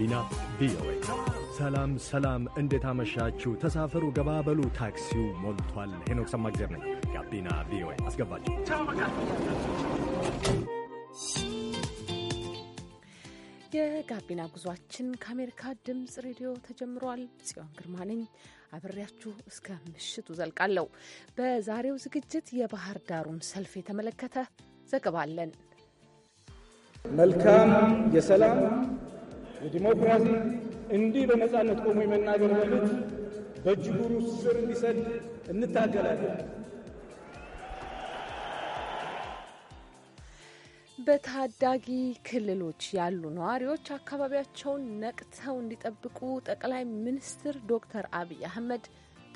ጋቢና ቪኦኤ። ሰላም ሰላም፣ እንዴት አመሻችሁ? ተሳፈሩ፣ ገባበሉ፣ ታክሲው ሞልቷል። ሄኖክ ሰማግዜር ነኝ። ጋቢና ቪኦኤ ሰላም ሰላም እንዴት አመሻችሁ ተሳፈሩ በሉ ታክሲው ሞልቷል ሄኖክ ሰማግዜር ነኝ ጋቢና ቪኦኤ አስገባችሁ የጋቢና ጉዟችን ከአሜሪካ ድምፅ ሬዲዮ ተጀምሯል። ጽዮን ግርማ ነኝ አብሬያችሁ እስከ ምሽቱ ዘልቃለሁ። በዛሬው ዝግጅት የባህር ዳሩን ሰልፍ የተመለከተ ዘገባ አለን። መልካም የሰላም የዲሞክራሲ እንዲህ በነፃነት ቆሞ የመናገር መብት በጅቡሩ ስር እንዲሰድ እንታገላለን። በታዳጊ ክልሎች ያሉ ነዋሪዎች አካባቢያቸውን ነቅተው እንዲጠብቁ ጠቅላይ ሚኒስትር ዶክተር አብይ አህመድ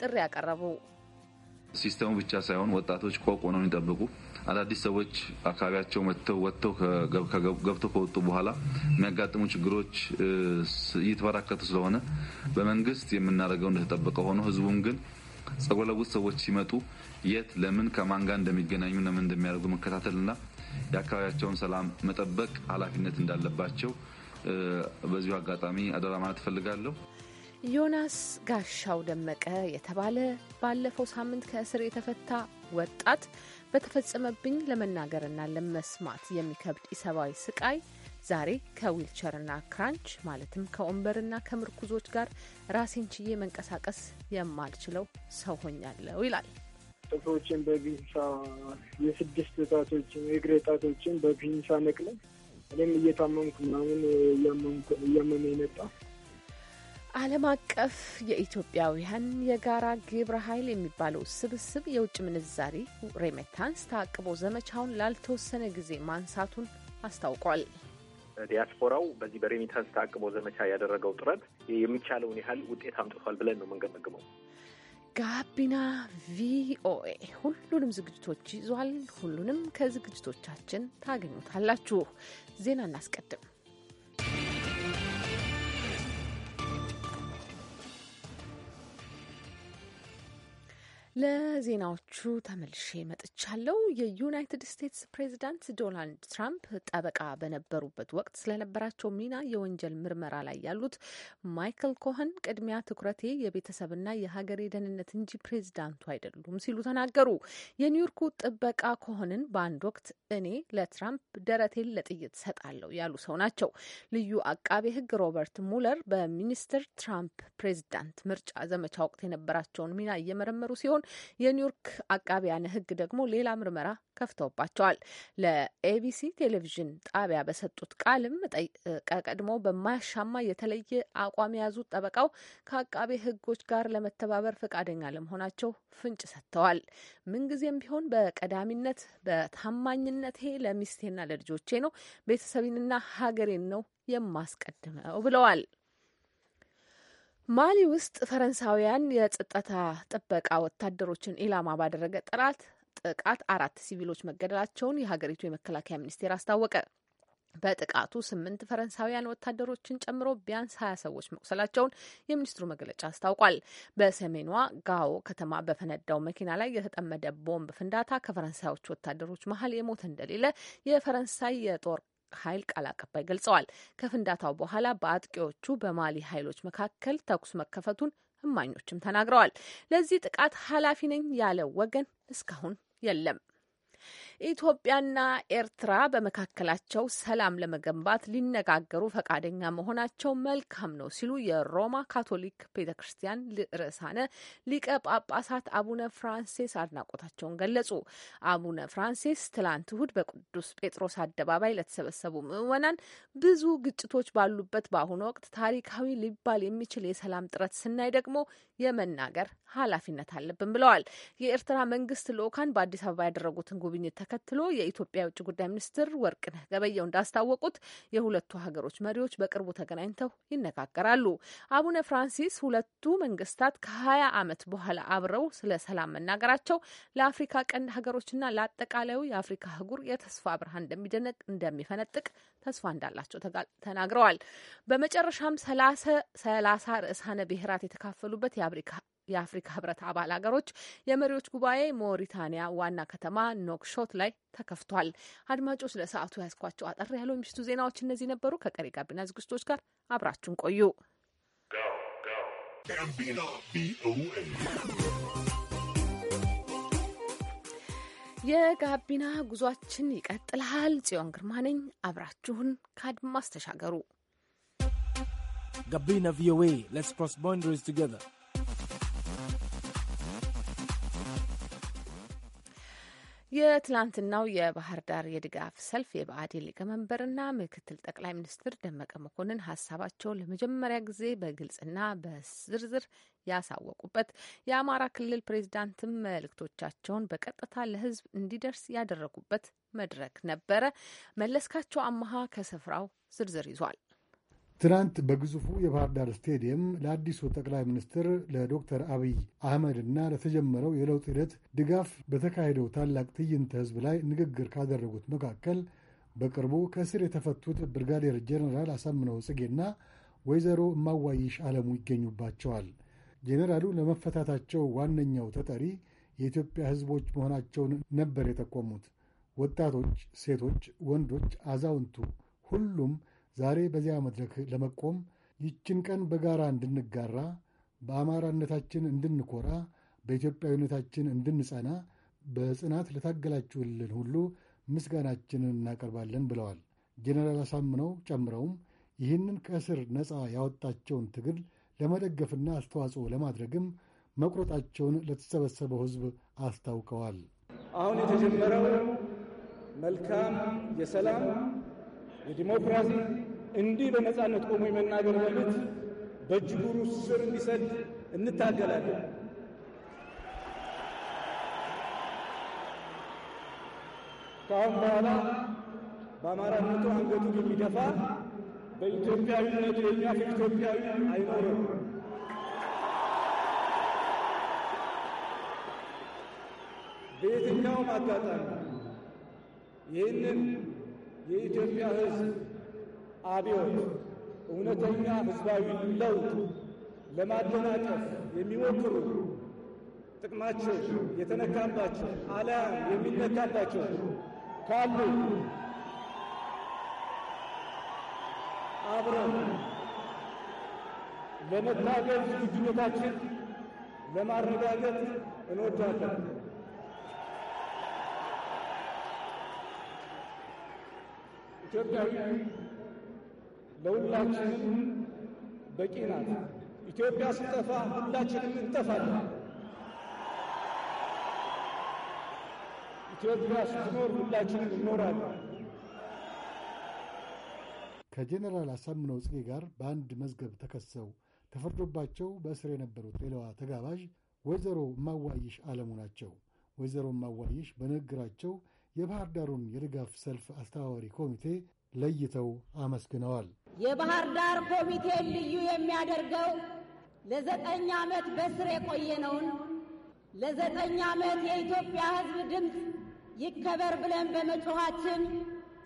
ጥሪ ያቀረቡ ሲስተሙ ብቻ ሳይሆን ወጣቶች ቆቆ ነው የሚጠብቁ አዳዲስ ሰዎች አካባቢያቸው መጥተው ወጥተው ገብተው ከወጡ በኋላ የሚያጋጥሙ ችግሮች እየተበራከቱ ስለሆነ በመንግስት የምናደርገው እንደተጠበቀ ሆኖ ህዝቡም ግን ጸጉረ ልውጥ ሰዎች ሲመጡ የት ለምን ከማን ጋር እንደሚገናኙ ለምን እንደሚያደርጉ መከታተልና የአካባቢያቸውን ሰላም መጠበቅ ኃላፊነት እንዳለባቸው በዚሁ አጋጣሚ አደራ ማለት እፈልጋለሁ። ዮናስ ጋሻው ደመቀ የተባለ ባለፈው ሳምንት ከእስር የተፈታ ወጣት በተፈጸመብኝ ለመናገርና ለመስማት የሚከብድ ኢሰብአዊ ስቃይ ዛሬ ከዊልቸርና ክራንች ማለትም ከወንበርና ከምርኩዞች ጋር ራሴን ችዬ መንቀሳቀስ የማልችለው ሰው ሆኛለሁ ይላል። ጥፍሮችን በቢንሳ የስድስት ጣቶችን የእግሬ ጣቶችን በቢንሳ ነቅለን እኔም እየታመምኩ ምናምን እያመመ የመጣ ዓለም አቀፍ የኢትዮጵያውያን የጋራ ግብረ ኃይል የሚባለው ስብስብ የውጭ ምንዛሪ ሬሜታንስ ታቅቦ ዘመቻውን ላልተወሰነ ጊዜ ማንሳቱን አስታውቋል። ዲያስፖራው በዚህ በሬሚታንስ ታቅቦ ዘመቻ ያደረገው ጥረት የሚቻለውን ያህል ውጤት አምጥቷል ብለን ነው የምንገመግመው። ጋቢና ቪኦኤ ሁሉንም ዝግጅቶች ይዟል። ሁሉንም ከዝግጅቶቻችን ታገኙታላችሁ። ዜና እናስቀድም። ለዜናዎቹ ተመልሼ መጥቻለሁ። የዩናይትድ ስቴትስ ፕሬዚዳንት ዶናልድ ትራምፕ ጠበቃ በነበሩበት ወቅት ስለነበራቸው ሚና የወንጀል ምርመራ ላይ ያሉት ማይክል ኮህን ቅድሚያ ትኩረቴ የቤተሰብና የሀገሬ ደህንነት እንጂ ፕሬዚዳንቱ አይደሉም ሲሉ ተናገሩ። የኒውዮርኩ ጥበቃ ኮህንን በአንድ ወቅት እኔ ለትራምፕ ደረቴን ለጥይት ሰጣለሁ ያሉ ሰው ናቸው። ልዩ አቃቤ ሕግ ሮበርት ሙለር በሚኒስትር ትራምፕ ፕሬዚዳንት ምርጫ ዘመቻ ወቅት የነበራቸውን ሚና እየመረመሩ ሲሆን ሲሆን የኒውዮርክ አቃቢያነ ሕግ ደግሞ ሌላ ምርመራ ከፍተውባቸዋል። ለኤቢሲ ቴሌቪዥን ጣቢያ በሰጡት ቃልም ቀድሞ በማያሻማ የተለየ አቋም የያዙት ጠበቃው ከአቃቤ ህጎች ጋር ለመተባበር ፈቃደኛ ለመሆናቸው ፍንጭ ሰጥተዋል። ምንጊዜም ቢሆን በቀዳሚነት በታማኝነቴ ለሚስቴና ለልጆቼ ነው፣ ቤተሰቤንና ሀገሬን ነው የማስቀድመው ብለዋል። ማሊ ውስጥ ፈረንሳውያን የጸጥታ ጥበቃ ወታደሮችን ኢላማ ባደረገ ጥራት ጥቃት አራት ሲቪሎች መገደላቸውን የሀገሪቱ የመከላከያ ሚኒስቴር አስታወቀ። በጥቃቱ ስምንት ፈረንሳውያን ወታደሮችን ጨምሮ ቢያንስ ሀያ ሰዎች መቁሰላቸውን የሚኒስትሩ መግለጫ አስታውቋል። በሰሜኗ ጋዎ ከተማ በፈነዳው መኪና ላይ የተጠመደ ቦምብ ፍንዳታ ከፈረንሳዮች ወታደሮች መሀል የሞተ እንደሌለ የፈረንሳይ የጦር ኃይል ቃል አቀባይ ገልጸዋል። ከፍንዳታው በኋላ በአጥቂዎቹ በማሊ ኃይሎች መካከል ተኩስ መከፈቱን እማኞችም ተናግረዋል። ለዚህ ጥቃት ኃላፊ ነኝ ያለ ወገን እስካሁን የለም። ኢትዮጵያና ኤርትራ በመካከላቸው ሰላም ለመገንባት ሊነጋገሩ ፈቃደኛ መሆናቸው መልካም ነው ሲሉ የሮማ ካቶሊክ ቤተ ክርስቲያን ርዕሳነ ሊቀ ጳጳሳት አቡነ ፍራንሲስ አድናቆታቸውን ገለጹ። አቡነ ፍራንሲስ ትላንት እሁድ በቅዱስ ጴጥሮስ አደባባይ ለተሰበሰቡ ምዕመናን ብዙ ግጭቶች ባሉበት በአሁኑ ወቅት ታሪካዊ ሊባል የሚችል የሰላም ጥረት ስናይ ደግሞ የመናገር ኃላፊነት አለብን ብለዋል። የኤርትራ መንግስት ልኡካን በአዲስ አበባ ያደረጉትን ጉብኝት ተከትሎ የኢትዮጵያ የውጭ ጉዳይ ሚኒስትር ወርቅነህ ገበየው እንዳስታወቁት የሁለቱ ሀገሮች መሪዎች በቅርቡ ተገናኝተው ይነጋገራሉ። አቡነ ፍራንሲስ ሁለቱ መንግስታት ከሀያ ዓመት በኋላ አብረው ስለ ሰላም መናገራቸው ለአፍሪካ ቀንድ ሀገሮችና ለአጠቃላዩ የአፍሪካ አህጉር የተስፋ ብርሃን እንደሚደነቅ እንደሚፈነጥቅ ተስፋ እንዳላቸው ተናግረዋል። በመጨረሻም ሰላሳ ርዕሳነ ብሔራት የተካፈሉበት የአፍሪካ ህብረት አባል ሀገሮች የመሪዎች ጉባኤ ሞሪታንያ ዋና ከተማ ኖክሾት ላይ ተከፍቷል። አድማጮች ለሰዓቱ ያስኳቸው አጠር ያሉ የምሽቱ ዜናዎች እነዚህ ነበሩ። ከቀሪ ጋቢና ዝግጅቶች ጋር አብራችሁን ቆዩ። የጋቢና ጉዟችን ይቀጥላል። ጽዮን ግርማ ነኝ። አብራችሁን ከአድማስ ተሻገሩ። ጋቢና ቪኦኤ ሌትስ ክሮስ ባውንደሪስ ቱጌዘር የትላንትናው የባህር ዳር የድጋፍ ሰልፍ የብአዴን ሊቀመንበርና ምክትል ጠቅላይ ሚኒስትር ደመቀ መኮንን ሀሳባቸውን ለመጀመሪያ ጊዜ በግልጽና በዝርዝር ያሳወቁበት፣ የአማራ ክልል ፕሬዚዳንትም መልእክቶቻቸውን በቀጥታ ለሕዝብ እንዲደርስ ያደረጉበት መድረክ ነበረ። መለስካቸው አመሃ ከስፍራው ዝርዝር ይዟል። ትናንት በግዙፉ የባህር ዳር ስቴዲየም ለአዲሱ ጠቅላይ ሚኒስትር ለዶክተር አብይ አህመድ እና ለተጀመረው የለውጥ ሂደት ድጋፍ በተካሄደው ታላቅ ትዕይንተ ህዝብ ላይ ንግግር ካደረጉት መካከል በቅርቡ ከእስር የተፈቱት ብርጋዴር ጄኔራል አሳምነው ጽጌና ወይዘሮ እማዋይሽ አለሙ ይገኙባቸዋል። ጄኔራሉ ለመፈታታቸው ዋነኛው ተጠሪ የኢትዮጵያ ህዝቦች መሆናቸውን ነበር የጠቆሙት። ወጣቶች፣ ሴቶች፣ ወንዶች፣ አዛውንቱ ሁሉም ዛሬ በዚያ መድረክ ለመቆም ይችን ቀን በጋራ እንድንጋራ፣ በአማራነታችን እንድንኮራ፣ በኢትዮጵያዊነታችን እንድንጸና በጽናት ለታገላችሁልን ሁሉ ምስጋናችንን እናቀርባለን ብለዋል። ጄኔራል አሳምነው ጨምረውም ይህንን ከእስር ነፃ ያወጣቸውን ትግል ለመደገፍና አስተዋጽኦ ለማድረግም መቁረጣቸውን ለተሰበሰበው ሕዝብ አስታውቀዋል። አሁን የተጀመረው መልካም የሰላም የዲሞክራሲ እንዲህ በነፃነት ቆሞ የመናገር መብት በጅቡሩ ስር እንዲሰድ እንታገላለን። ከአሁን በኋላ በአማራነቱ አንገቱ የሚደፋ በኢትዮጵያዊነቱ የሚያፍ ኢትዮጵያዊ አይኖርም። በየትኛውም አጋጣሚ ይህንን የኢትዮጵያ ሕዝብ አብዮት እውነተኛ ህዝባዊ ለውጥ ለማደናቀፍ የሚሞክሩ ጥቅማቸው የተነካባቸው አልያም የሚነካባቸው ካሉ አብረን ለመታገል ዝግጁነታችን ለማረጋገጥ እንወዳለን። ኢትዮጵያዊ ለሁላችንም በቂ ናት። ኢትዮጵያ ስጠፋ ሁላችንም እንጠፋለን። ኢትዮጵያ ስትኖር ሁላችንም እንኖራለን። ከጄኔራል አሳምነው ጽጌ ጋር በአንድ መዝገብ ተከሰው ተፈርዶባቸው በእስር የነበሩት ሌላዋ ተጋባዥ ወይዘሮ ማዋይሽ አለሙ ናቸው። ወይዘሮ ማዋይሽ በንግግራቸው የባህር ዳሩን የድጋፍ ሰልፍ አስተባባሪ ኮሚቴ ለይተው አመስግነዋል። የባህር ዳር ኮሚቴ ልዩ የሚያደርገው ለዘጠኝ ዓመት በስር የቆየነውን ለዘጠኝ ዓመት የኢትዮጵያ ሕዝብ ድምፅ ይከበር ብለን በመጮኋችን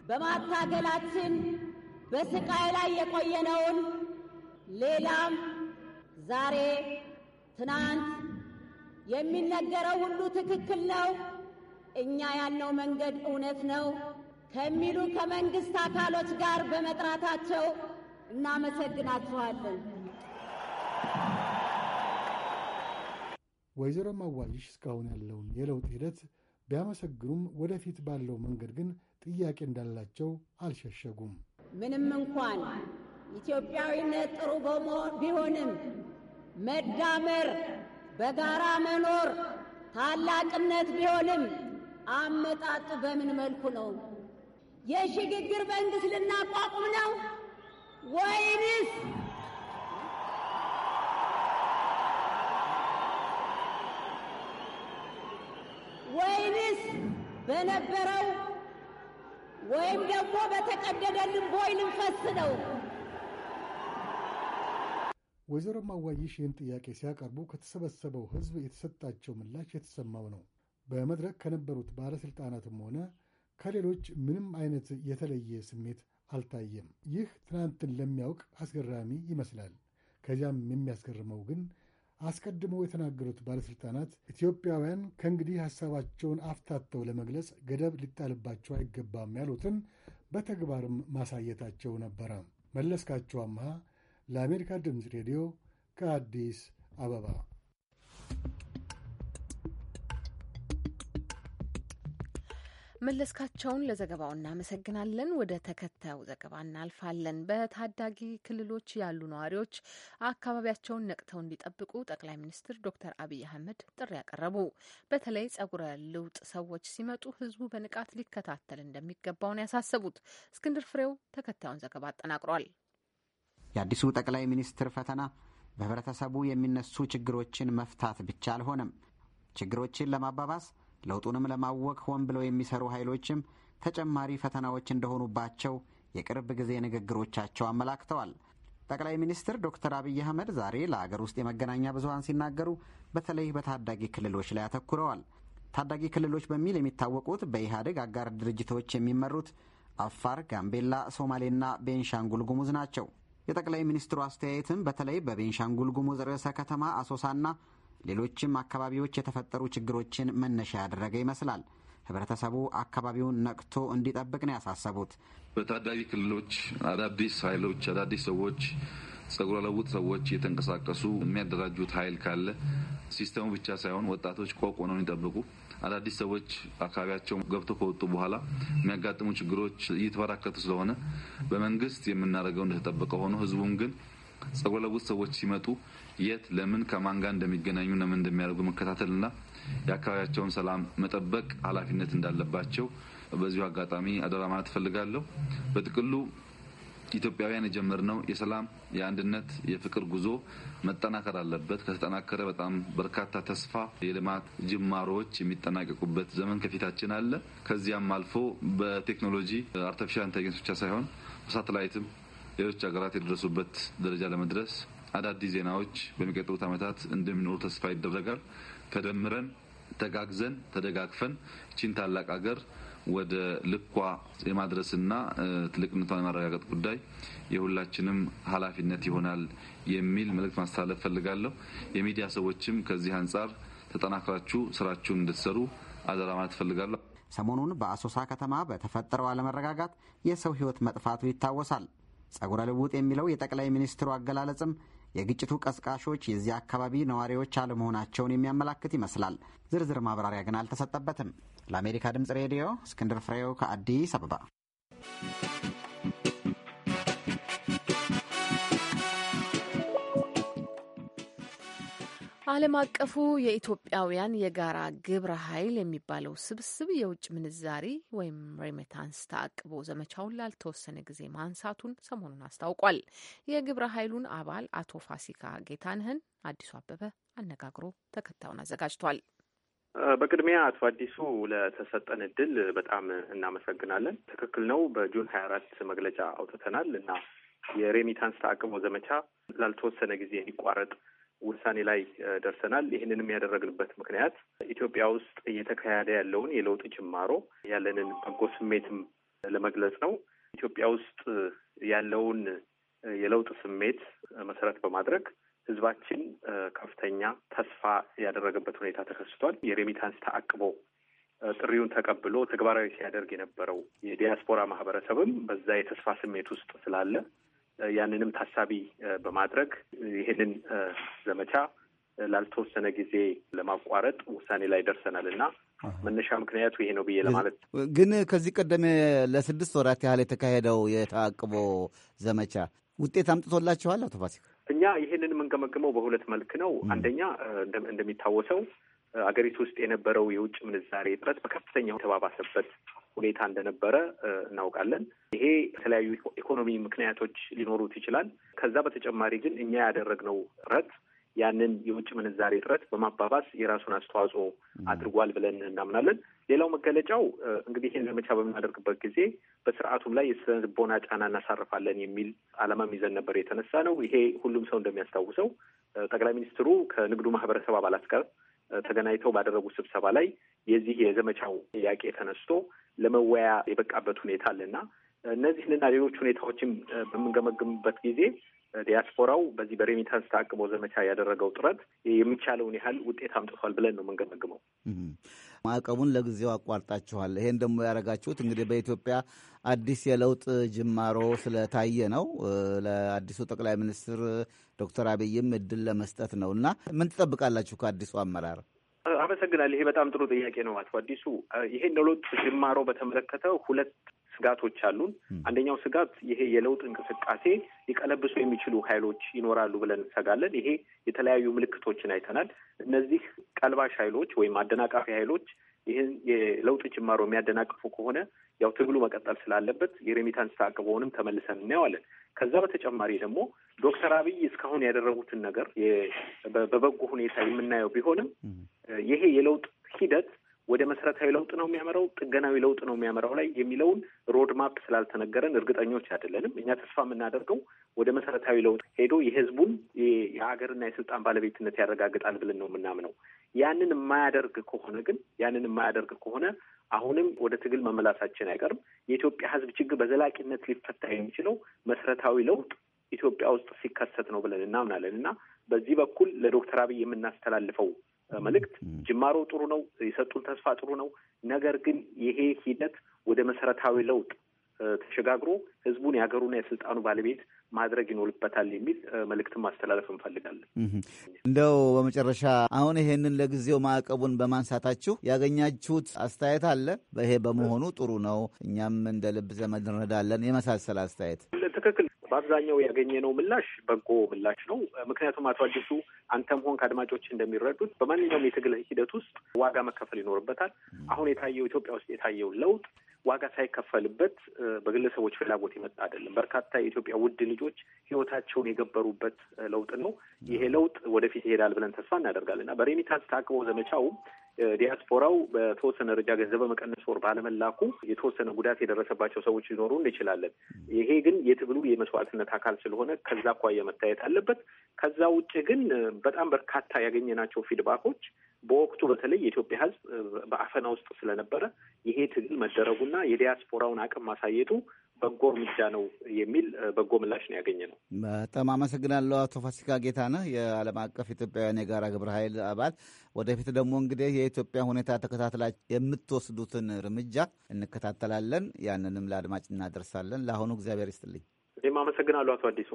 በማታገላችን በስቃይ ላይ የቆየነውን ሌላም ዛሬ ትናንት የሚነገረው ሁሉ ትክክል ነው፣ እኛ ያለው መንገድ እውነት ነው ከሚሉ ከመንግስት አካሎች ጋር በመጥራታቸው እናመሰግናችኋለን። ወይዘሮ ማዋይሽ እስካሁን ያለውን የለውጥ ሂደት ቢያመሰግኑም ወደፊት ባለው መንገድ ግን ጥያቄ እንዳላቸው አልሸሸጉም። ምንም እንኳን ኢትዮጵያዊነት ጥሩ ቢሆንም መዳመር፣ በጋራ መኖር ታላቅነት ቢሆንም አመጣጡ በምን መልኩ ነው? የሽግግር መንግስት ልናቋቁም ነው ወይንስ ወይንስ በነበረው ወይም ደግሞ በተቀደደልን ቦይ ልንፈስ ነው? ወይዘሮ ማዋይሽ ይህን ጥያቄ ሲያቀርቡ ከተሰበሰበው ህዝብ የተሰጣቸው ምላሽ የተሰማው ነው። በመድረክ ከነበሩት ባለሥልጣናትም ሆነ ከሌሎች ምንም አይነት የተለየ ስሜት አልታየም። ይህ ትናንትን ለሚያውቅ አስገራሚ ይመስላል። ከዚያም የሚያስገርመው ግን አስቀድሞ የተናገሩት ባለሥልጣናት ኢትዮጵያውያን ከእንግዲህ ሐሳባቸውን አፍታተው ለመግለጽ ገደብ ሊጣልባቸው አይገባም ያሉትን በተግባርም ማሳየታቸው ነበረ። መለስካቸው አምሃ ለአሜሪካ ድምፅ ሬዲዮ ከአዲስ አበባ መለስካቸውን ለዘገባው እናመሰግናለን። ወደ ተከታዩ ዘገባ እናልፋለን። በታዳጊ ክልሎች ያሉ ነዋሪዎች አካባቢያቸውን ነቅተው እንዲጠብቁ ጠቅላይ ሚኒስትር ዶክተር አብይ አህመድ ጥሪ ያቀረቡ፣ በተለይ ጸጉረ ልውጥ ሰዎች ሲመጡ ህዝቡ በንቃት ሊከታተል እንደሚገባውን ያሳሰቡት። እስክንድር ፍሬው ተከታዩን ዘገባ አጠናቅሯል። የአዲሱ ጠቅላይ ሚኒስትር ፈተና በህብረተሰቡ የሚነሱ ችግሮችን መፍታት ብቻ አልሆነም። ችግሮችን ለማባባስ ለውጡንም ለማወቅ ሆን ብለው የሚሰሩ ኃይሎችም ተጨማሪ ፈተናዎች እንደሆኑባቸው የቅርብ ጊዜ ንግግሮቻቸው አመላክተዋል። ጠቅላይ ሚኒስትር ዶክተር አብይ አህመድ ዛሬ ለአገር ውስጥ የመገናኛ ብዙሀን ሲናገሩ በተለይ በታዳጊ ክልሎች ላይ አተኩረዋል። ታዳጊ ክልሎች በሚል የሚታወቁት በኢህአዴግ አጋር ድርጅቶች የሚመሩት አፋር፣ ጋምቤላ፣ ሶማሌና ቤንሻንጉል ጉሙዝ ናቸው። የጠቅላይ ሚኒስትሩ አስተያየትም በተለይ በቤንሻንጉል ጉሙዝ ርዕሰ ከተማ አሶሳና ሌሎችም አካባቢዎች የተፈጠሩ ችግሮችን መነሻ ያደረገ ይመስላል። ህብረተሰቡ አካባቢውን ነቅቶ እንዲጠብቅ ነው ያሳሰቡት። በታዳጊ ክልሎች አዳዲስ ኃይሎች አዳዲስ ሰዎች ጸጉረ ለውጥ ሰዎች እየተንቀሳቀሱ የሚያደራጁት ኃይል ካለ ሲስተሙ ብቻ ሳይሆን ወጣቶች ቆቆ ነው የሚጠብቁ አዳዲስ ሰዎች አካባቢያቸው ገብቶ ከወጡ በኋላ የሚያጋጥሙ ችግሮች እየተበራከቱ ስለሆነ በመንግስት የምናደርገው እንደተጠበቀ ሆኖ ህዝቡም ግን ጸጉረ ለውጥ ሰዎች ሲመጡ የት ለምን ከማን ጋር እንደሚገናኙ ለምን እንደሚያደርጉ መከታተልና የአካባቢያቸውን ሰላም መጠበቅ ኃላፊነት እንዳለባቸው በዚሁ አጋጣሚ አደራ ማለት እፈልጋለሁ። በጥቅሉ ኢትዮጵያውያን የጀመርነው የሰላም የአንድነት፣ የፍቅር ጉዞ መጠናከር አለበት። ከተጠናከረ በጣም በርካታ ተስፋ የልማት ጅማሮዎች የሚጠናቀቁበት ዘመን ከፊታችን አለ። ከዚያም አልፎ በቴክኖሎጂ አርቲፊሻል ኢንቴሊጀንስ ብቻ ሳይሆን በሳተላይትም ሌሎች ሀገራት የደረሱበት ደረጃ ለመድረስ አዳዲስ ዜናዎች በሚቀጥሉት ዓመታት እንደሚኖሩ ተስፋ ይደረጋል። ተደምረን ተጋግዘን ተደጋግፈን ይችን ታላቅ ሀገር ወደ ልኳ የማድረስና ትልቅነቷን የማረጋገጥ ጉዳይ የሁላችንም ኃላፊነት ይሆናል የሚል መልእክት ማስተላለፍ ፈልጋለሁ። የሚዲያ ሰዎችም ከዚህ አንጻር ተጠናክራችሁ ስራችሁን እንድትሰሩ አደራ ማለት ፈልጋለሁ። ሰሞኑን በአሶሳ ከተማ በተፈጠረው አለመረጋጋት የሰው ሕይወት መጥፋቱ ይታወሳል። ጸጉረ ልውጥ የሚለው የጠቅላይ ሚኒስትሩ አገላለጽም የግጭቱ ቀስቃሾች የዚህ አካባቢ ነዋሪዎች አለመሆናቸውን የሚያመላክት ይመስላል። ዝርዝር ማብራሪያ ግን አልተሰጠበትም። ለአሜሪካ ድምፅ ሬዲዮ እስክንድር ፍሬው ከአዲስ አበባ ዓለም አቀፉ የኢትዮጵያውያን የጋራ ግብረ ኃይል የሚባለው ስብስብ የውጭ ምንዛሪ ወይም ሬሜታንስ ታቅቦ ዘመቻውን ላልተወሰነ ጊዜ ማንሳቱን ሰሞኑን አስታውቋል። የግብረ ኃይሉን አባል አቶ ፋሲካ ጌታንህን አዲሱ አበበ አነጋግሮ ተከታዩን አዘጋጅቷል። በቅድሚያ አቶ አዲሱ ለተሰጠን እድል በጣም እናመሰግናለን። ትክክል ነው። በጁን ሀያ አራት መግለጫ አውጥተናል እና የሬሚታንስ ተአቅቦ ዘመቻ ላልተወሰነ ጊዜ እንዲቋረጥ ውሳኔ ላይ ደርሰናል። ይህንንም ያደረግንበት ምክንያት ኢትዮጵያ ውስጥ እየተካሄደ ያለውን የለውጥ ጅማሮ ያለንን በጎ ስሜትም ለመግለጽ ነው። ኢትዮጵያ ውስጥ ያለውን የለውጥ ስሜት መሰረት በማድረግ ህዝባችን ከፍተኛ ተስፋ ያደረገበት ሁኔታ ተከስቷል። የሬሚታንስ ተአቅቦ ጥሪውን ተቀብሎ ተግባራዊ ሲያደርግ የነበረው የዲያስፖራ ማህበረሰብም በዛ የተስፋ ስሜት ውስጥ ስላለ ያንንም ታሳቢ በማድረግ ይህንን ዘመቻ ላልተወሰነ ጊዜ ለማቋረጥ ውሳኔ ላይ ደርሰናል እና መነሻ ምክንያቱ ይሄ ነው ብዬ ለማለት ግን ከዚህ ቀደም ለስድስት ወራት ያህል የተካሄደው የተአቅቦ ዘመቻ ውጤት አምጥቶላችኋል? አቶ ፋሲካ፣ እኛ ይህንን የምንገመግመው በሁለት መልክ ነው። አንደኛ እንደሚታወሰው አገሪቱ ውስጥ የነበረው የውጭ ምንዛሬ እጥረት በከፍተኛ የተባባሰበት ሁኔታ እንደነበረ እናውቃለን። ይሄ የተለያዩ ኢኮኖሚ ምክንያቶች ሊኖሩት ይችላል። ከዛ በተጨማሪ ግን እኛ ያደረግነው ጥረት ያንን የውጭ ምንዛሬ እጥረት በማባባስ የራሱን አስተዋጽኦ አድርጓል ብለን እናምናለን። ሌላው መገለጫው እንግዲህ ይህን ዘመቻ በምናደርግበት ጊዜ በስርዓቱም ላይ የስነ ልቦና ጫና እናሳርፋለን የሚል ዓላማም ይዘን ነበር የተነሳ ነው። ይሄ ሁሉም ሰው እንደሚያስታውሰው ጠቅላይ ሚኒስትሩ ከንግዱ ማህበረሰብ አባላት ጋር ተገናኝተው ባደረጉት ስብሰባ ላይ የዚህ የዘመቻው ጥያቄ ተነስቶ ለመወያ የበቃበት ሁኔታ አለና እነዚህንና ሌሎች ሁኔታዎችን በምንገመግምበት ጊዜ ዲያስፖራው በዚህ በሬሚታንስ ታቅቦ ዘመቻ ያደረገው ጥረት የሚቻለውን ያህል ውጤት አምጥቷል ብለን ነው የምንገመግመው። ማዕቀቡን ለጊዜው አቋርጣችኋል። ይሄን ደግሞ ያደረጋችሁት እንግዲህ በኢትዮጵያ አዲስ የለውጥ ጅማሮ ስለታየ ነው። ለአዲሱ ጠቅላይ ሚኒስትር ዶክተር አብይም እድል ለመስጠት ነው እና ምን ትጠብቃላችሁ ከአዲሱ አመራር? አመሰግናል። ይሄ በጣም ጥሩ ጥያቄ ነው አቶ አዲሱ። ይሄን ለውጥ ጅማሮ በተመለከተ ሁለት ስጋቶች አሉን። አንደኛው ስጋት ይሄ የለውጥ እንቅስቃሴ ሊቀለብሱ የሚችሉ ኃይሎች ይኖራሉ ብለን እንሰጋለን። ይሄ የተለያዩ ምልክቶችን አይተናል። እነዚህ ቀልባሽ ኃይሎች ወይም አደናቃፊ ኃይሎች ይህን የለውጥ ጅማሮ የሚያደናቅፉ ከሆነ ያው ትግሉ መቀጠል ስላለበት የሬሚታንስ ስታቅበውንም ተመልሰን እናየዋለን። ከዛ በተጨማሪ ደግሞ ዶክተር አብይ እስካሁን ያደረጉትን ነገር በበጎ ሁኔታ የምናየው ቢሆንም ይሄ የለውጥ ሂደት ወደ መሰረታዊ ለውጥ ነው የሚያመራው፣ ጥገናዊ ለውጥ ነው የሚያመራው ላይ የሚለውን ሮድማፕ ስላልተነገረን እርግጠኞች አይደለንም። እኛ ተስፋ የምናደርገው ወደ መሰረታዊ ለውጥ ሄዶ የህዝቡን የሀገርና የስልጣን ባለቤትነት ያረጋግጣል ብለን ነው የምናምነው። ያንን የማያደርግ ከሆነ ግን ያንን የማያደርግ ከሆነ አሁንም ወደ ትግል መመላሳችን አይቀርም። የኢትዮጵያ ህዝብ ችግር በዘላቂነት ሊፈታ የሚችለው መሰረታዊ ለውጥ ኢትዮጵያ ውስጥ ሲከሰት ነው ብለን እናምናለን እና በዚህ በኩል ለዶክተር አብይ የምናስተላልፈው መልእክት ጅማሮ ጥሩ ነው፣ የሰጡን ተስፋ ጥሩ ነው። ነገር ግን ይሄ ሂደት ወደ መሰረታዊ ለውጥ ተሸጋግሮ ህዝቡን የሀገሩና የስልጣኑ ባለቤት ማድረግ ይኖርበታል የሚል መልእክትን ማስተላለፍ እንፈልጋለን። እንደው በመጨረሻ አሁን ይሄንን ለጊዜው ማዕቀቡን በማንሳታችሁ ያገኛችሁት አስተያየት አለ? ይሄ በመሆኑ ጥሩ ነው፣ እኛም እንደ ልብ ዘመድ እንረዳለን የመሳሰል አስተያየት ትክክል በአብዛኛው ያገኘነው ምላሽ በጎ ምላሽ ነው። ምክንያቱም አቶ አዲሱ አንተም ሆን ከአድማጮች እንደሚረዱት በማንኛውም የትግል ሂደት ውስጥ ዋጋ መከፈል ይኖርበታል። አሁን የታየው ኢትዮጵያ ውስጥ የታየው ለውጥ ዋጋ ሳይከፈልበት በግለሰቦች ፍላጎት የመጣ አይደለም። በርካታ የኢትዮጵያ ውድ ልጆች ህይወታቸውን የገበሩበት ለውጥ ነው። ይሄ ለውጥ ወደፊት ይሄዳል ብለን ተስፋ እናደርጋለን እና በሬሚታንስ ታቅቦ ዘመቻውም ዲያስፖራው በተወሰነ ደረጃ ገንዘብ በመቀነስ ወር ባለመላኩ የተወሰነ ጉዳት የደረሰባቸው ሰዎች ሊኖሩ እንችላለን። ይሄ ግን የትግሉ የመስዋዕትነት አካል ስለሆነ ከዛ አኳያ መታየት አለበት። ከዛ ውጭ ግን በጣም በርካታ ያገኘናቸው ፊድባኮች በወቅቱ በተለይ የኢትዮጵያ ሕዝብ በአፈና ውስጥ ስለነበረ ይሄ ትግል መደረጉና የዲያስፖራውን አቅም ማሳየቱ በጎ እርምጃ ነው የሚል በጎ ምላሽ ነው ያገኘ ነው። በጣም አመሰግናለሁ አቶ ፋሲካ ጌታነህ የዓለም አቀፍ ኢትዮጵያውያን የጋራ ግብረ ኃይል አባል። ወደፊት ደግሞ እንግዲህ የኢትዮጵያ ሁኔታ ተከታትላ የምትወስዱትን እርምጃ እንከታተላለን። ያንንም ለአድማጭ እናደርሳለን። ለአሁኑ እግዚአብሔር ይስጥልኝ። እኔም አመሰግናለሁ አቶ አዲሱ።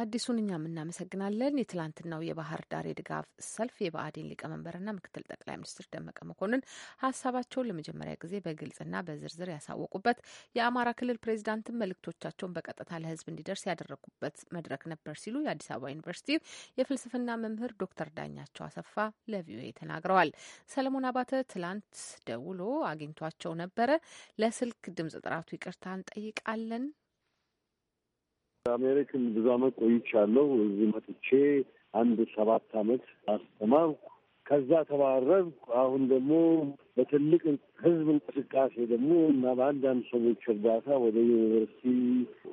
አዲሱን እኛም እናመሰግናለን። የትላንትናው የባህር ዳር የድጋፍ ሰልፍ የብአዴን ሊቀመንበርና ምክትል ጠቅላይ ሚኒስትር ደመቀ መኮንን ሀሳባቸውን ለመጀመሪያ ጊዜ በግልጽና በዝርዝር ያሳወቁበት፣ የአማራ ክልል ፕሬዚዳንትን መልእክቶቻቸውን በቀጥታ ለህዝብ እንዲደርስ ያደረጉበት መድረክ ነበር ሲሉ የአዲስ አበባ ዩኒቨርሲቲ የፍልስፍና መምህር ዶክተር ዳኛቸው አሰፋ ለቪኦኤ ተናግረዋል። ሰለሞን አባተ ትላንት ደውሎ አግኝቷቸው ነበረ። ለስልክ ድምጽ ጥራቱ ይቅርታ እንጠይቃለን። አሜሪክን ብዙ አመት ቆይቻለሁ። እዚህ መጥቼ አንድ ሰባት አመት አስተማርኩ። ከዛ ተባረርኩ። አሁን ደግሞ በትልቅ ህዝብ እንቅስቃሴ ደግሞ እና በአንዳንድ ሰዎች እርዳታ ወደ ዩኒቨርሲቲ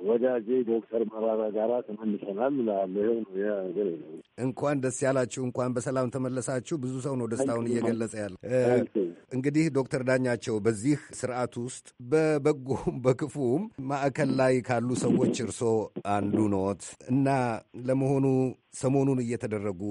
ወዳጄ ዶክተር መራራ ጋራ ተመልሰናል እላለሁ። ይኸው ነው እንኳን ደስ ያላችሁ፣ እንኳን በሰላም ተመለሳችሁ። ብዙ ሰው ነው ደስታውን እየገለጸ ያለ። እንግዲህ ዶክተር ዳኛቸው በዚህ ስርዓት ውስጥ በበጎም በክፉም ማዕከል ላይ ካሉ ሰዎች እርሶ አንዱ ኖት እና ለመሆኑ ሰሞኑን እየተደረጉ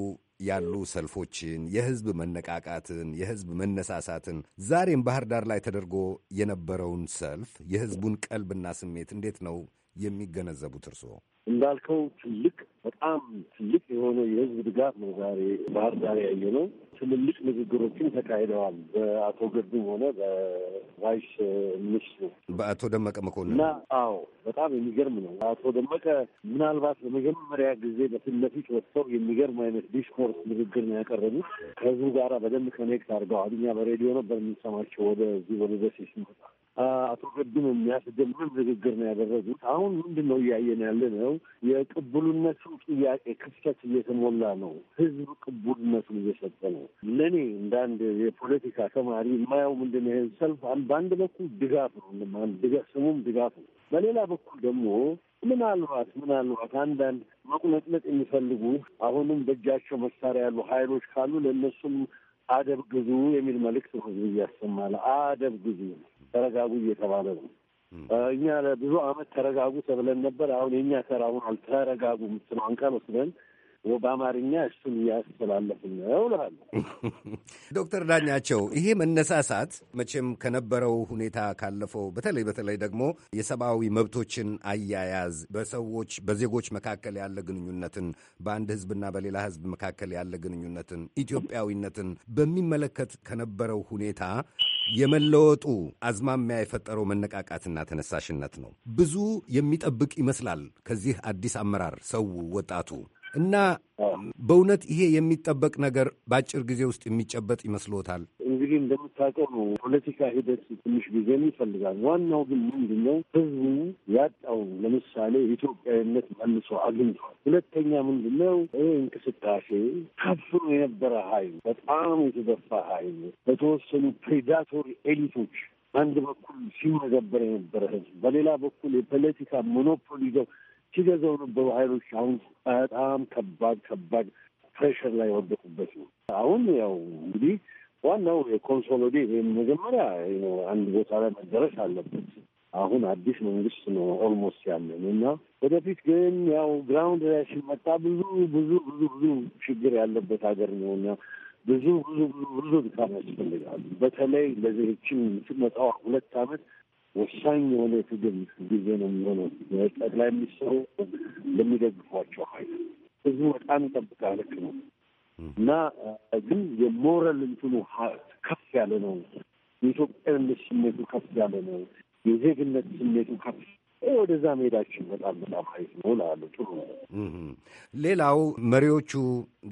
ያሉ ሰልፎችን፣ የህዝብ መነቃቃትን፣ የህዝብ መነሳሳትን ዛሬም ባህር ዳር ላይ ተደርጎ የነበረውን ሰልፍ የህዝቡን ቀልብና ስሜት እንዴት ነው የሚገነዘቡት እርስዎ? እንዳልከው ትልቅ በጣም ትልቅ የሆነ የህዝብ ድጋፍ ነው ዛሬ ባህር ዳር ያየ ነው። ትልልቅ ንግግሮችን ተካሂደዋል በአቶ ገዱም ሆነ በቫይስ ሚኒስትሩ በአቶ ደመቀ መኮንን እና አዎ በጣም የሚገርም ነው። አቶ ደመቀ ምናልባት ለመጀመሪያ ጊዜ በፊት ለፊት ወጥተው የሚገርም አይነት ዲስኮርስ ንግግር ነው ያቀረቡት። ከህዝቡ ጋር በደንብ ከኔክት አድርገዋል። እኛ በሬዲዮ ነበር የምንሰማቸው ወደዚህ ወደ ደሴ ሲመጣ አቶ ገድም የሚያስደምም ንግግር ነው ያደረጉት። አሁን ምንድን ነው እያየን ያለ ነው? የቅቡልነቱ ጥያቄ ክፍተት እየተሞላ ነው። ህዝብ ቅቡልነቱን እየሰጠ ነው። ለእኔ እንደ አንድ የፖለቲካ ተማሪ የማየው ምንድን ነው ይህን ሰልፍ በአንድ በኩል ድጋፍ ነው፣ ስሙም ድጋፍ ነው። በሌላ በኩል ደግሞ ምናልባት ምናልባት አንዳንድ መቁነጥነጥ የሚፈልጉ አሁንም በእጃቸው መሳሪያ ያሉ ኃይሎች ካሉ ለእነሱም አደብ ግዙ የሚል መልእክት ነው ህዝብ እያሰማለ አደብ ግዙ ተረጋጉ እየተባለ ነው። እኛ ለብዙ ዓመት ተረጋጉ ተብለን ነበር። አሁን የእኛ ተራ ሆኗል። ተረጋጉ የምትለው ወስደን በአማርኛ እሱን እያስተላለፍን ነው ዶክተር ዳኛቸው ይሄ መነሳሳት መቼም ከነበረው ሁኔታ ካለፈው በተለይ በተለይ ደግሞ የሰብአዊ መብቶችን አያያዝ በሰዎች በዜጎች መካከል ያለ ግንኙነትን በአንድ ህዝብና በሌላ ህዝብ መካከል ያለ ግንኙነትን ኢትዮጵያዊነትን በሚመለከት ከነበረው ሁኔታ የመለወጡ አዝማሚያ የፈጠረው መነቃቃትና ተነሳሽነት ነው። ብዙ የሚጠብቅ ይመስላል ከዚህ አዲስ አመራር ሰው፣ ወጣቱ እና በእውነት ይሄ የሚጠበቅ ነገር በአጭር ጊዜ ውስጥ የሚጨበጥ ይመስሎታል? እንግዲህ እንደምታውቀው ነው ፖለቲካ ሂደት ትንሽ ጊዜም ይፈልጋል። ዋናው ግን ምንድን ነው ህዝቡ ያጣው ለምሳሌ ኢትዮጵያዊነት መልሶ አግኝቷል። ሁለተኛ ምንድን ነው ይህ እንቅስቃሴ ታፍኖ የነበረ ኃይል በጣም የተገፋ ኃይል በተወሰኑ ፕሬዳቶሪ ኤሊቶች አንድ በኩል ሲመዘበር የነበረ ህዝብ፣ በሌላ በኩል የፖለቲካ ሞኖፖሊ ሲገዛው ነበሩ ኃይሎች አሁን በጣም ከባድ ከባድ ፕሬሽር ላይ የወደቁበት ነው። አሁን ያው እንግዲህ ዋናው የኮንሶሎዴ ወይም መጀመሪያ አንድ ቦታ ላይ መደረስ አለበት። አሁን አዲስ መንግስት ነው ኦልሞስት ያለን እና ወደፊት ግን ያው ግራውንድ ላይ ሲመጣ ብዙ ብዙ ብዙ ብዙ ችግር ያለበት ሀገር ነው እና ብዙ ብዙ ብዙ ብዙ ድካም ያስፈልጋል። በተለይ ለዚህችን ስመጣው ሁለት አመት ወሳኝ የሆነ የትግል ጊዜ ነው የሚሆነው። ጠቅላይ ሚኒስትሩ ለሚደግፏቸው ሀይል ህዝቡ በጣም ይጠብቃል። ልክ ነው እና ግን የሞረል እንትኑ ከፍ ያለ ነው። የኢትዮጵያዊነት ስሜቱ ከፍ ያለ ነው። የዜግነት ስሜቱ ከፍ ወደዛ መሄዳችን በጣም በጣም ነው ላሉ ጥሩ ሌላው መሪዎቹ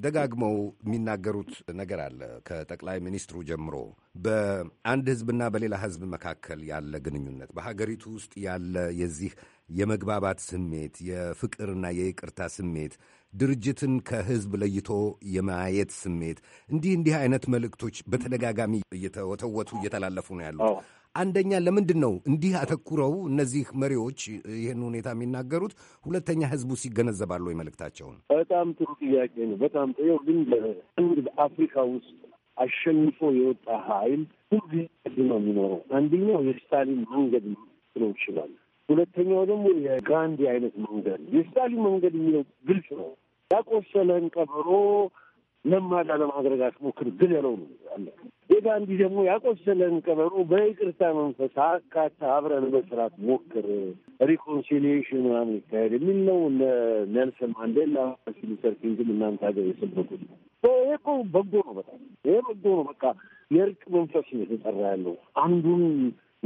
ደጋግመው የሚናገሩት ነገር አለ ከጠቅላይ ሚኒስትሩ ጀምሮ በአንድ ህዝብና በሌላ ህዝብ መካከል ያለ ግንኙነት በሀገሪቱ ውስጥ ያለ የዚህ የመግባባት ስሜት የፍቅርና የይቅርታ ስሜት ድርጅትን ከህዝብ ለይቶ የማየት ስሜት እንዲህ እንዲህ አይነት መልእክቶች በተደጋጋሚ እየተወተወቱ እየተላለፉ ነው ያሉት። አንደኛ ለምንድን ነው እንዲህ አተኩረው እነዚህ መሪዎች ይህን ሁኔታ የሚናገሩት? ሁለተኛ ህዝቡ ሲገነዘባሉ ወይ መልእክታቸውን? በጣም ጥሩ ጥያቄ ነው። በጣም ጥሩ ግን እንግዲህ በአፍሪካ ውስጥ አሸንፎ የወጣ ሀይል ሁልጊዜ ነው የሚኖረው። አንደኛው የስታሊን መንገድ ነው ይችላል። ሁለተኛው ደግሞ የጋንዲ አይነት መንገድ። የስታሊን መንገድ የሚለው ግልጽ ነው። ያቆሰለን ቀበሮ ለማዳ ለማድረግ አትሞክር ግን ያለው ነው አለ። የዛን ደግሞ ያቆሰለን ቀበሮ በይቅርታ መንፈስ አካታ አብረን መስራት ሞክር፣ ሪኮንሲሊሽን ምናምን ይካሄድ የሚል ነው። ኔልሰን ማንዴላ ማርቲን ሉተር ኪንግም እናንተ ሀገር የሰበኩት ይሄ እኮ በጎ ነው። በጣም ይሄ በጎ ነው። በቃ የእርቅ መንፈስ ነው የተጠራ ያለው አንዱን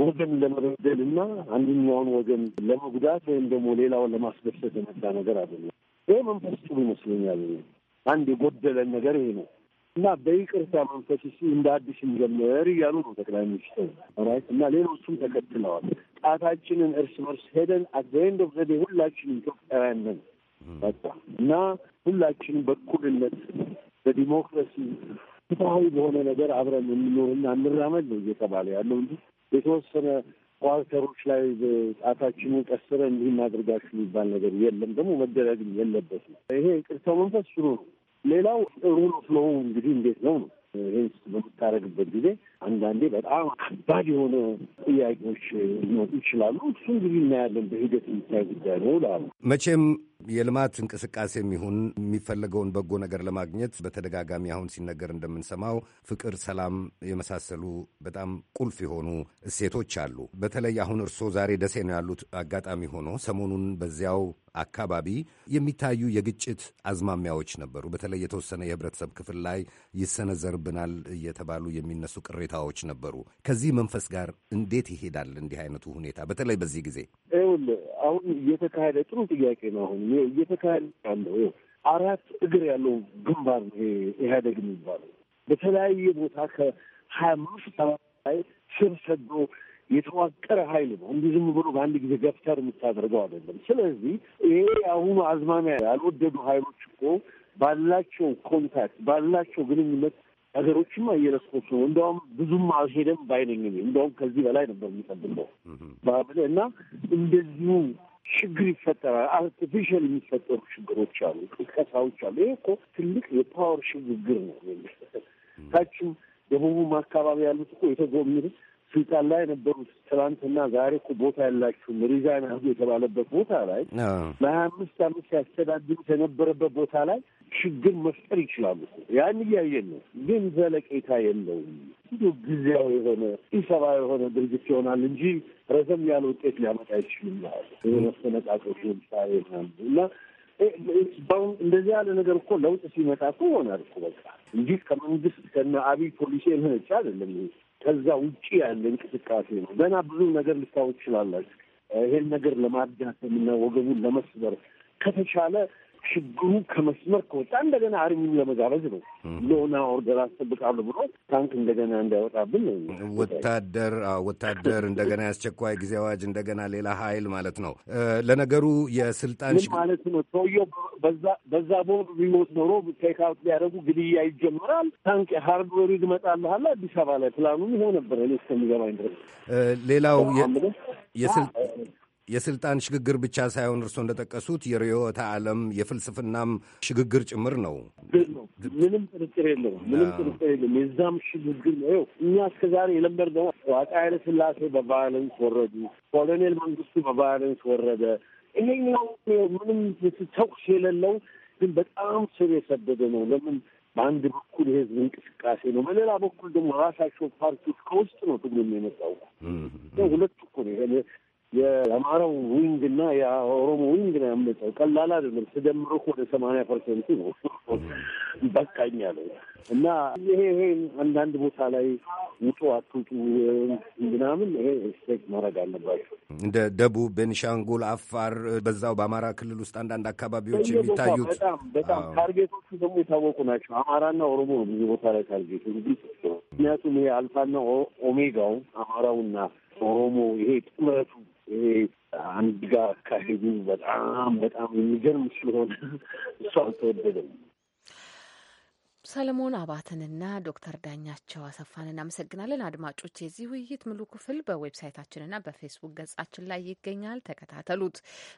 ወገን ለመበደል እና አንደኛውን ወገን ለመጉዳት ወይም ደግሞ ሌላውን ለማስደሰት የመጣ ነገር አይደለም። ይህ መንፈስ ጥሩ ይመስለኛል። አንድ የጎደለን ነገር ይሄ ነው እና በይቅርታ መንፈስ ሲ እንደ አዲስ እንጀምር እያሉ ነው ጠቅላይ ሚኒስትሩ ራይት እና ሌሎቹም ተከትለዋል። ጣታችንን እርስ በርስ ሄደን አዘንድ ኦፍ ዘዴ ሁላችን ኢትዮጵያውያን ነን በቃ እና ሁላችንም በእኩልነት በዲሞክራሲ ፍትሀዊ በሆነ ነገር አብረን እንኖርና እንራመድ ነው እየተባለ ያለው እንጂ የተወሰነ ኳርተሮች ላይ ጣታችንን ቀስረ እንዲህ እናድርጋችሁ የሚባል ነገር የለም፣ ደግሞ መደረግም የለበትም። ይሄ ቅርታው መንፈስ ስሩ ነው። ሌላው ሩል ኦፍ ሎው እንግዲህ እንዴት ነው ነው ይህን በምታደርግበት ጊዜ አንዳንዴ በጣም ከባድ የሆነ ጥያቄዎች ሊመጡ ይችላሉ። እሱ እንግዲህ እናያለን፣ በሂደት የሚታይ ጉዳይ ነው ላሉ መቼም የልማት እንቅስቃሴ የሚሆን የሚፈለገውን በጎ ነገር ለማግኘት በተደጋጋሚ አሁን ሲነገር እንደምንሰማው ፍቅር፣ ሰላም የመሳሰሉ በጣም ቁልፍ የሆኑ እሴቶች አሉ። በተለይ አሁን እርስዎ ዛሬ ደሴ ነው ያሉት። አጋጣሚ ሆኖ ሰሞኑን በዚያው አካባቢ የሚታዩ የግጭት አዝማሚያዎች ነበሩ። በተለይ የተወሰነ የህብረተሰብ ክፍል ላይ ይሰነዘርብናል እየተባሉ የሚነሱ ቅሬታዎች ነበሩ። ከዚህ መንፈስ ጋር እንዴት ይሄዳል እንዲህ አይነቱ ሁኔታ በተለይ በዚህ ጊዜ? ይኸውልህ አሁን እየተካሄደ ጥሩ ጥያቄ ነው። አሁን እየተካሄደ ያለው አራት እግር ያለው ግንባር ነው ኢህአደግ የሚባለው በተለያየ ቦታ ከሀያ አምስት ላይ ስር ሰዶ የተዋቀረ ሀይል ነው። እንዲህ ዝም ብሎ በአንድ ጊዜ ገፍተር የምታደርገው አይደለም። ስለዚህ ይሄ አሁኑ አዝማሚያ ያልወደዱ ሀይሎች እኮ ባላቸው ኮንታክት ባላቸው ግንኙነት ሀገሮችም እየለኮሱ ነው። እንዲያውም ብዙም አልሄደም ባይነኝ። እንዲያውም ከዚህ በላይ ነበር የሚጠብቀው እና እንደዚሁ ችግር ይፈጠራል። አርቲፊሻል የሚፈጠሩ ችግሮች አሉ፣ ቅስቀሳዎች አሉ። ይህ እኮ ትልቅ የፓወር ሽግግር ነው። ታችም ደቡቡም አካባቢ ያሉት እኮ የተጎሚሩት ስልጣን ላይ የነበሩት ትናንትና ዛሬ እኮ ቦታ ያላችሁም ሪዛይን አድርጎ የተባለበት ቦታ ላይ ለሀያ አምስት አመት ሲያስተዳድሩት የነበረበት ቦታ ላይ ችግር መፍጠር ይችላሉ። ያን እያየን ነው፣ ግን ዘለቄታ የለውም። እንዲሁ ጊዜያዊ የሆነ ኢሰብአዊ የሆነ ድርጅት ይሆናል እንጂ ረዘም ያለ ውጤት ሊያመጣ አይችልም። መስተነቃቀፍ ምሳሌ እና በአሁን እንደዚህ ያለ ነገር እኮ ለውጥ ሲመጣ እኮ ይሆናል እኮ በቃ እንጂ ከመንግስት ከነ አብይ ፖሊሲ የመነጨ አይደለም። ከዛ ውጭ ያለ እንቅስቃሴ ነው። ገና ብዙ ነገር ልታወቅ ትችላላችሁ። ይሄን ነገር ለማዳከምና ወገቡን ለመስበር ከተቻለ ችግሩ ከመስመር ከወጣ እንደገና አርሚን ለመጋበዝ ነው። ሎና ኦርደር አስጠብቃለሁ ብሎ ታንክ እንደገና እንዳይወጣብን ወታደር ወታደር እንደገና የአስቸኳይ ጊዜ አዋጅ እንደገና ሌላ ኃይል ማለት ነው። ለነገሩ የስልጣን ማለት ነው። ሰውየው በዛ ቦምብ ቢሞት ኖሮ ቴክ አውት ሊያደርጉ ግድያ ይጀምራል። ታንክ ሃርድዌሩ ይመጣልሃል አዲስ አበባ ላይ ፕላኑም ይኸው ነበር እኔ እስከሚገባኝ ድረስ ሌላው የስልጣን ሽግግር ብቻ ሳይሆን እርስዎ እንደጠቀሱት የርዕዮተ ዓለም የፍልስፍናም ሽግግር ጭምር ነው። ምንም ጥርጥር የለውም። ምንም ጥርጥር የለም። የዛም ሽግግር ነው። እኛ እስከዛሬ የለመድነው አፄ ኃይለ ሥላሴ በቫዮለንስ ወረዱ፣ ኮሎኔል መንግስቱ በቫዮለንስ ወረደ። ይሄኛው ምንም ተኩስ የሌለው ግን በጣም ስር የሰደደ ነው። ለምን በአንድ በኩል የህዝብ እንቅስቃሴ ነው፣ በሌላ በኩል ደግሞ ራሳቸው ፓርቲዎች ከውስጥ ነው ትግሉ የሚመጣው። ሁለቱ እና ያ ኦሮሞ ዊንግ ነው ያመጣው። ቀላል አይደለም። ስደምሮ ወደ ሰማንያ ፐርሰንቱ ነው በቃኝ ያለው እና ይሄ ይሄ አንዳንድ ቦታ ላይ ውጡ አትውጡ ምናምን ይሄ ስቴክ ማድረግ አለባቸው። እንደ ደቡብ፣ ቤኒሻንጉል፣ አፋር በዛው በአማራ ክልል ውስጥ አንዳንድ አካባቢዎች የሚታዩት በጣም በጣም ታርጌቶቹ ደግሞ የታወቁ ናቸው። አማራና ኦሮሞ ነው ብዙ ቦታ ላይ ታርጌቱ። ምክንያቱም ይሄ አልፋና ኦሜጋው አማራውና ኦሮሞ ይሄ ጥምረቱ ይሄ አንድ ጋር አካሄዱ በጣም በጣም የሚገርም ስለሆነ እሱ አልተወደደም። ሰለሞን አባትንና ዶክተር ዳኛቸው አሰፋን እናመሰግናለን። አድማጮች፣ የዚህ ውይይት ሙሉ ክፍል በዌብሳይታችንና በፌስቡክ ገጻችን ላይ ይገኛል። ተከታተሉት።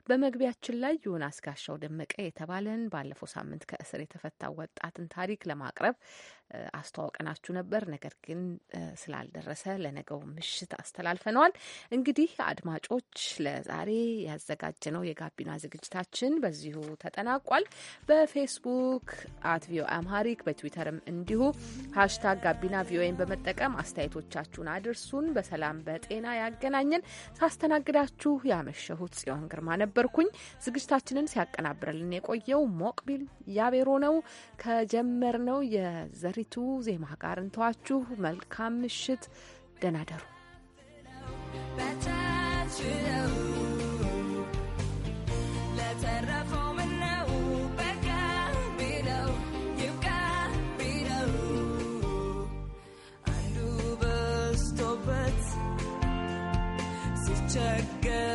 በመግቢያችን ላይ ይሁን አስጋሻው ደመቀ የተባለን ባለፈው ሳምንት ከእስር የተፈታ ወጣትን ታሪክ ለማቅረብ አስተዋውቀናችሁ ነበር። ነገር ግን ስላልደረሰ ለነገው ምሽት አስተላልፈነዋል። እንግዲህ አድማጮች ለዛሬ ያዘጋጀነው የጋቢና ዝግጅታችን በዚሁ ተጠናቋል። በፌስቡክ አት ቪኦ አምሃሪክ በትዊተርም እንዲሁ ሀሽታግ ጋቢና ቪኦኤን በመጠቀም አስተያየቶቻችሁን አድርሱን። በሰላም በጤና ያገናኘን። ሳስተናግዳችሁ ያመሸሁት ጽዮን ግርማ ነበርኩኝ። ዝግጅታችንን ሲያቀናብርልን የቆየው ሞቅቢል ያቤሮ ነው። ከጀመርነው የዘሪ ከአሪቱ ዜማ ጋር እንተዋችሁ። መልካም ምሽት፣ ደህና ደሩ። Check